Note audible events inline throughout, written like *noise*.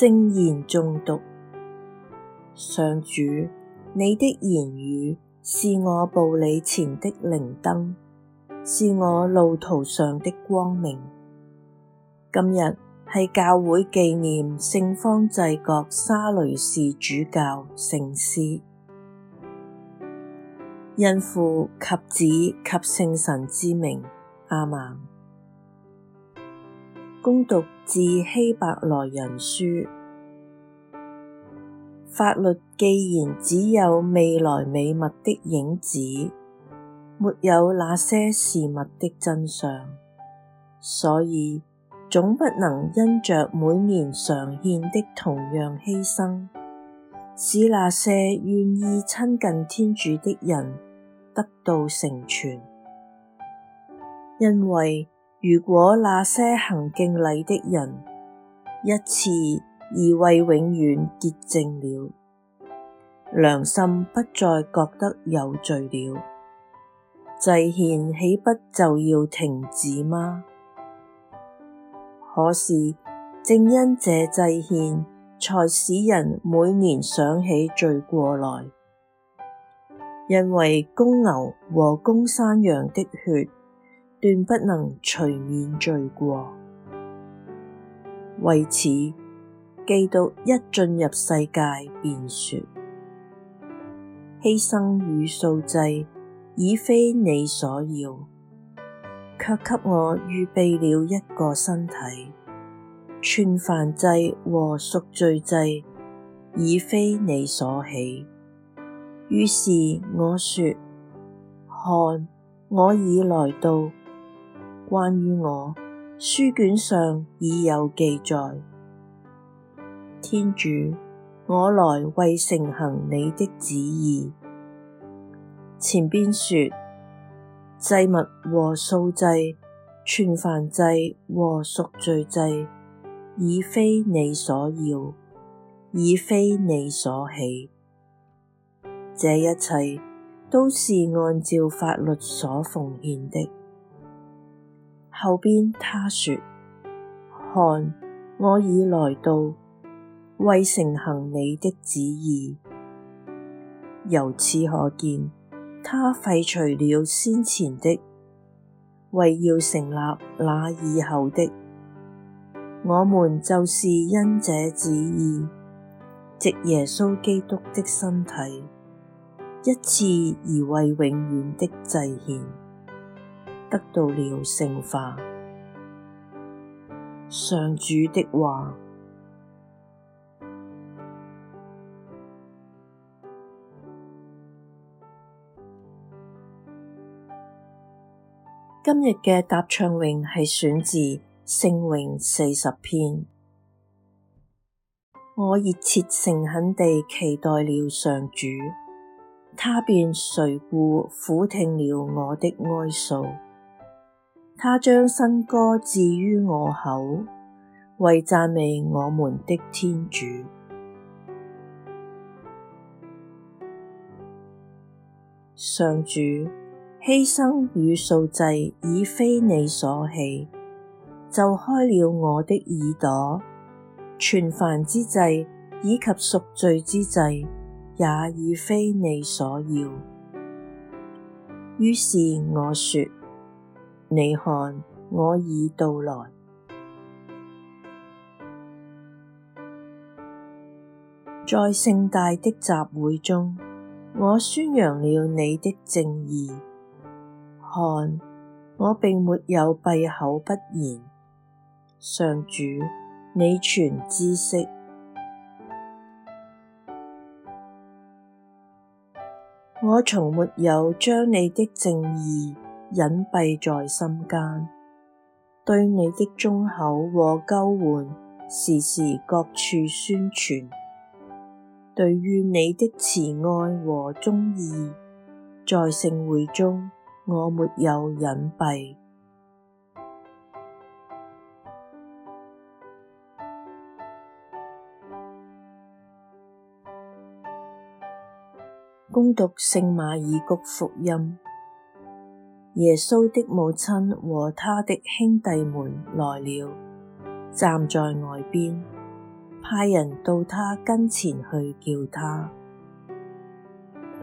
聖言誦讀上主，你的言語是我步履前的靈燈，是我路途上的光明。今日係教會紀念聖方濟各沙雷氏主教聖師，因父及子及聖神之名，阿門。恭讀致希伯來人書，法律既然只有未來美物的影子，沒有那些事物的真相，所以總不能因着每年常獻的同樣犧牲，使那些願意親近天主的人得到成全，因為。如果那些行敬禮的人，一次而為永遠潔淨了，良心不再覺得有罪了，祭獻豈不就要停止嗎？可是正因這祭獻，才使人每年想起罪過來，因為公牛和公山羊的血。斷不能除免罪過。為此，基督一進入世界便說：犧牲與素祭已非你所要，却給我預備了一個身體，全燔祭和贖罪祭已非你所喜。於是我說：看，我已來到。關於我，書卷上已有記載。天主，我來為承行你的旨意。前邊說，祭物和素祭，全燔祭和贖罪祭，已非你所要，已非你所喜。這一切都是按照法律所奉獻的。後邊他說：看，我已來到，為承行你的旨意。由此可見，他廢除了先前的，為要成立那以後的。我們就是因這旨意，藉耶穌基督的身體，一次而為永遠的祭獻。得到了聖化，上主的話。今日嘅答唱詠係選自聖詠四十篇。我熱切誠懇地期待了上主，他便垂顧俯聽了我的哀訴。他將新歌置於我口，為讚美我們的天主。上主，犧牲與素祭已非你所喜，就開了我的耳朵，全燔之祭以及贖罪之祭也已非你所要。於是我說。你看，我已到來，在盛大的集會中，我宣揚了你的正義。看，我並沒有閉口不言。上主，你全知悉，我從沒有將你的正義。隱蔽在心間，對你的忠厚和救援，時時各處宣傳。對於你的慈愛和忠義，在盛會中我沒有隱蔽。 *noise* 恭讀聖馬爾谷福音。耶穌的母親和他的兄弟們來了，站在外邊，派人到他跟前去叫他。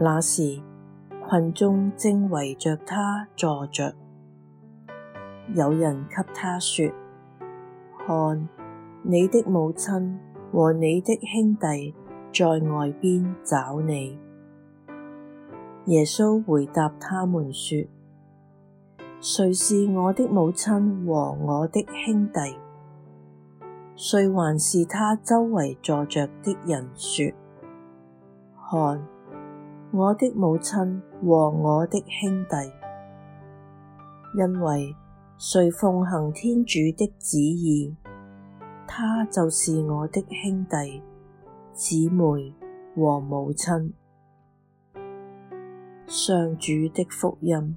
那時，群眾正圍着他坐着，有人給他說：看，你的母親和你的兄弟在外邊找你。耶穌回答他們說：誰是我的母親和我的兄弟？遂環視他周圍坐着的人說，看，我的母親和我的兄弟！因為誰奉行天主的旨意，他就是我的兄弟、姊妹和母親。上主的福音。